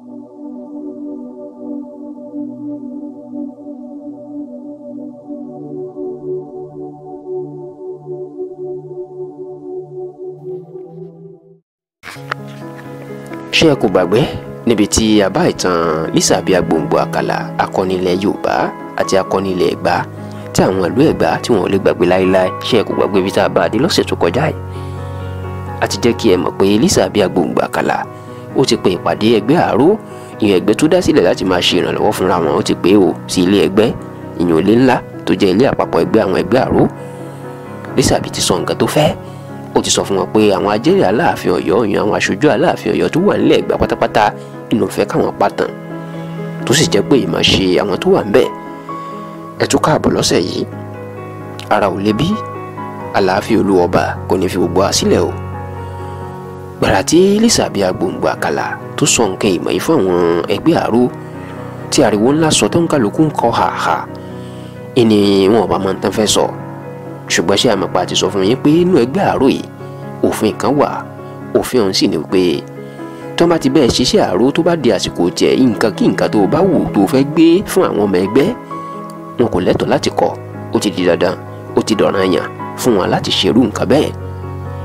ṣé ẹ kò gbàgbé níbi tí a ìtàn Lisa Abíagbòǹgbò Àkàlà akọni ilẹ̀ Yorùbá àti akọni ilẹ̀ Ẹ̀gbá tí àwọn ìlú Ẹ̀gbá tí wọn ò lè gbàgbé láéláé ṣé ẹ kò gbàgbé ibi tá a bá a dé lọ́sẹ̀ tó kọjá yìí a jẹ́ kí ẹ mọ̀ pé Lisa Abíagbòǹgbò Àkàlà ó ti pe ìpàdé ẹgbẹ́ àárò ìyẹn ẹgbẹ́ tó dá sílẹ̀ láti máa ṣe ìrànlọ́wọ́ fúnra wọn ó ti pè é o sí ilé ẹgbẹ́ ìyẹn ilé ńlá tó jẹ́ ilé àpapọ̀ ẹgbẹ́ àwọn ẹgbẹ́ àárò Lísàbí ti sọ nǹkan tó fẹ́ ó ti sọ fún wọn pé àwọn ajẹ́rìí aláàfin ọ̀yọ́ ìyẹn àwọn aṣojú aláàfin ọ̀yọ́ tó wà nílẹ̀ Ẹ̀gbá pátápátá inú fẹ́ káwọn pàtàn tó sì jẹ́ pé ìmọ̀ ṣe àwọn tó wà ńbẹ̀ ẹ tún káàbọ̀ lọ́sẹ̀ yìí ara ò le bí àlàáfíà olúwọba kò ní fi gbogbo àsílẹ̀ o gbàrà tí Lísàbí Agbòǹgbò Àkàlà tó sọ nǹkan ìmọ̀ yìí fáwọn ẹgbẹ́ àró tí ariwo ńlá sọ tó ń kálukú ń kọ́ hàhà ìní wọn ò bá máa ń tán fẹ́ sọ ṣùgbọ́n ṣé àmọ̀pá ti sọ fún yín pé inú ẹgbẹ́ àró yìí òfin kan wà òfin ọ̀hún sì ni pé tó bá ti bẹ́ẹ̀ ṣiṣẹ́ àró tó bá di àsìkò tiẹ̀ nǹkan kí nǹkan tó bá wù tó fẹ́ gbé fún àwọn ọmọ ẹgbẹ́ wọn kò lẹ́tọ̀ọ́ láti kọ̀ ó ti di dandan ó ti dọ̀ranyàn fún wọn láti ṣerú nǹkan bẹ́ẹ̀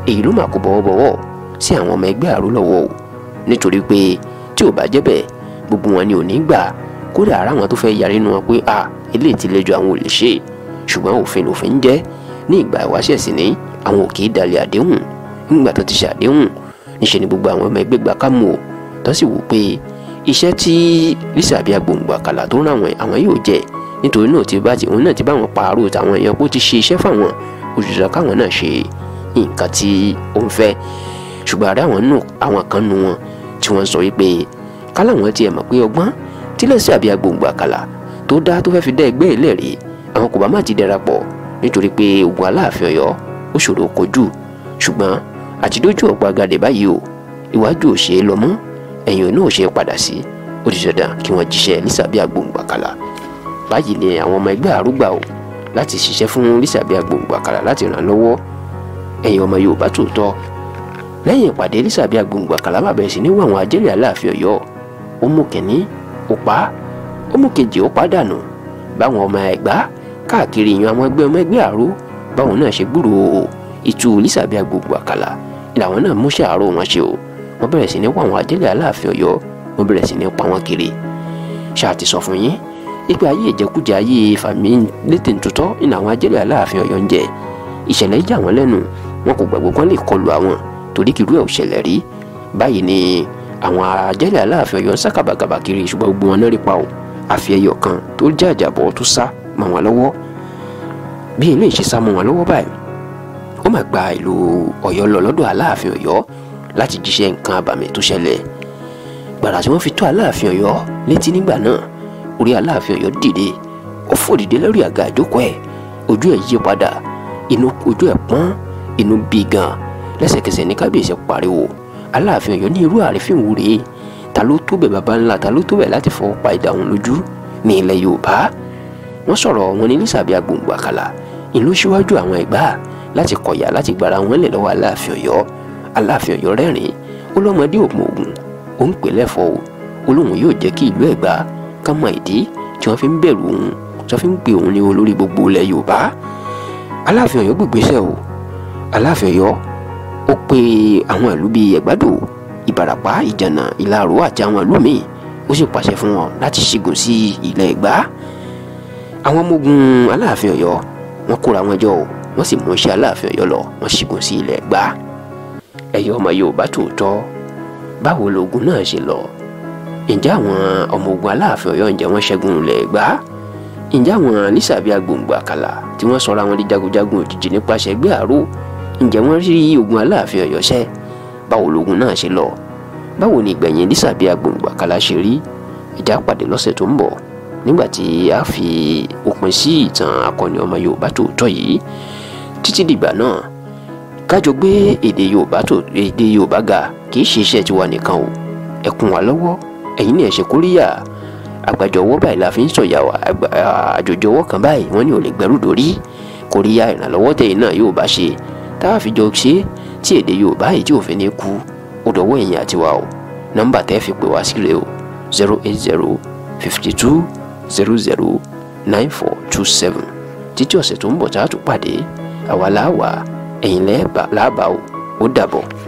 èyí ló mà kó bọ́wọ́bọ́wọ́ sí àwọn ọmọ ẹgbẹ́ àrò lọ́wọ́ o nítorí pé tí ò bá jẹ́ bẹ́ẹ̀ gbogbo wọn ni ò ní gbà kódà ara àwọn tó fẹ́ yarí nu wọn pé a eléyìí ti lẹ́jọ́ àwọn ò lè ṣe ṣùgbọ́n òfin lòfin ń jẹ́ ní ìgbà ìwáṣẹ̀ sí ni àwọn ò kì í dalẹ̀ àdéhùn nígbà tó ti ṣàdéhùn níṣẹ́ ni gbogbo àwọn ọmọ ẹgbẹ́ gbà ká mú o tó sì wò pé iṣẹ́ tí Lísàbí Agbòǹgbò Àkàlà tó ń ràn wọ́n àwọn yóò jẹ nítorí náà ti bá òun náà ti bá wọn pààrọ̀ tàwọn èèyàn kó ti ṣe iṣẹ́ fáwọn òṣìṣẹ́ káwọn náà ṣe nǹkan tí ó ń fẹ́ ṣùgbọ́n àrí àwọn nù àwọn kan nu wọn tí wọ́n sọ wípé káláwọn tiẹ̀ mọ̀ pé ọgbọ́n tílẹ̀sẹ̀ àbí agbóǹgbò àkàlà tó dá tó fẹ́ẹ́ fi dá ẹgbẹ́ ilẹ̀ rí àwọn kò bá má ti darapọ̀ nítorí pé ogun aláàfin Ọ̀yọ́ ó ṣòro kojú ṣùgbọ́n àtidójú ọ̀pọ̀ agadè báyìí o iwájú ò ṣeé lọ mọ́ ẹ̀yìn náà ò ṣeé padà sí ó ti ṣọdá kí wọ́n jíṣẹ́ lísàbí agbóǹgbò àkàlà báyìí ni àwọn ọmọ ẹgbẹ́ àrúgbà o láti ṣiṣẹ́ fún lísàbí agbóǹgbò àkàlà láti ràn lọ́wọ́ ẹ̀yin ọmọ Yorùbá tòótọ́ lẹ́yìn ìpàdé Lísàbí Agbóngbà Kàlábà bẹ̀rẹ̀ sí ní wá àwọn ajẹ́rìí Aláàfin Ọ̀yọ́ ó mú kìnní ó pa á ó mú kejì ó pa á dànù báwọn ọmọ Ẹ̀gbá káàkiri ìyan àwọn ẹgbẹ́ ọmọ ẹgbẹ́ àró báwọn náà ṣe gbúròó ìtú Lísàbí Agbóngbà Kàlà làwọn náà mú ṣàárò wọn ṣe o wọ́n bẹ̀rẹ̀ sí ní wá àwọn ajẹ́rìí Aláàfin Ọ̀yọ́ wọ́n bẹ̀rẹ̀ sí ní pa wọn kiri ṣáà ti sọ fún yín ipe ayé ìjẹkújẹ ayé fàmí létè ntutọ́ ìnà àwọn ajẹ́rìí Aláàfin Ọ̀yọ́ ń jẹ ìṣẹ̀lẹ̀ jẹ àwọn lẹ́nu wọn kò gbàgbọ́ kán lè kọlù àwọn torí kìrú ẹ̀ ò ṣẹlẹ̀ rí báyìí ni àwọn ajẹ́lẹ̀ aláàfin ọ̀yọ́ ń sá kàbàkàbà kiri ṣùgbọ́n gbogbo wọn náà rí pa ò àfi ẹyọ kan tó jẹ́ àjàbọ̀ tó sá mọ́ wọn lọ́wọ́ bí eléyìí ṣe sá mọ́ wọn lọ́wọ́ báyìí ó mà gba ìlú ọ̀yọ́ lọ lọ́dọ̀ aláàfin ọ̀yọ́ láti jíṣẹ́ nǹkan àbàmì tó ṣẹlẹ̀ gbàrà tí wọ́n fi tó aláàfin ọ̀yọ́ létí nígbà náà orí aláàfin ọ̀yọ́ dìde ó fò dìde lórí àga àjókòó ẹ̀ ojú ẹ̀ yí padà inú ojú ẹ̀ pọ́n inú bí gan-an lẹ́sẹ̀kẹsẹ̀ ní kábíyèsí pariwo aláàfin Ọ̀yọ́ ní irú àrífín wò rèé ta ló tó bẹ̀ bàbá ńlá ta ló tó bẹ̀ láti fọwọ́ pa ìdààmú lójú ní ilẹ̀ Yorùbá wọ́n sọ̀rọ̀ wọn ní Lísàbí Agbòǹgbò Àkàlà ìlú síwájú àwọn Ẹ̀gbá láti kọ̀yà láti gbara wọn lẹ̀ lọ́wọ́ aláàfin Ọ̀yọ́ aláàfin Ọ̀yọ́ rẹ́rìn ó lọ́mọdé ògùn ògùn ó ń pè lẹ́fọ̀ọ́ ó lóun yóò jẹ́ kí ìlú Ẹ̀gbá kán mọ ìdí tí wọ́n fi ń bẹ̀rù òun tí wọ́n fi ń pè òun ní olórí gbogbo ilẹ̀ Yorùbá aláàfin Ọ̀yọ́ gbègbèsẹ̀ o aláàfin Ọ̀yọ́ ó pe àwọn ìlú bíi ẹ̀gbádò ìbàràpá ìjànà ìlàró àti àwọn ìlú míì ó sì pàṣẹ fún wọn láti ṣígun sí ilẹ̀ ẹ̀gbá àwọn ọmọ ogun aláàfin ọ̀yọ́ wọ́n kóra wọn jọ o wọ́n sì mú iṣẹ́ aláàfin ọ̀yọ́ lọ wọ́n ṣígun sí ilẹ̀ ẹ̀gbá ẹ̀yọ́ ọmọ yorùbá tòótọ́ báwo lógun náà ṣe lọ ǹjẹ́ àwọn ọmọ aláàfin ọ̀yọ́ ǹjẹ́ wọ́n ṣẹ́gun ilẹ̀ ẹ̀gbá ǹjẹ́ àwọn lísàbí agbòǹgbò àkàlà tí wọ́n sọra wọn di jagunjagun òjijì nípasẹ̀ ẹgbẹ́ àárò ǹjẹ́ wọ́n rí ogun Aláàfin Ọ̀yọ́ ṣe báwo lógun náà ṣe lọ báwo ni ìgbẹ̀yìn Lísàbí Agbóǹgbàkálá ṣe rí ìjà pàdé lọ́sẹ̀ tó ń bọ̀ nígbà tí a fi òpin sí ìtàn akọni ọmọ Yorùbá tòótọ́ yìí títí dìgbà náà kájọ gbé èdè Yorùbá ga kì í ṣe iṣẹ́ tiwa nìkan o ẹ kún lọ́wọ́ ẹ̀yin ni ẹ ṣe kóríyà àgbàjọwọ́ báyìí la fi ń sọ̀yà wa àjòjọwọ́ kan báyìí wọ́n ní ò lè gbẹ́rù dórí kóríyà ìrànlọ́wọ́ tẹ̀yìn náà yóò bá ṣe tá a fi jọ ṣe tí èdè Yorùbá yìí tí òfin ní kú ó dọwọ́ ẹ̀yin àti wa o nọ́mbà tẹ́ fi pè wá sí rèé o zero eight zero fifty two zero zero nine four two seven títí ọ̀sẹ̀ tó ń bọ̀ tá a tún pàdé àwa láàwà ẹ̀yin lẹ́ẹ̀bà láàbà o ó dàbọ̀.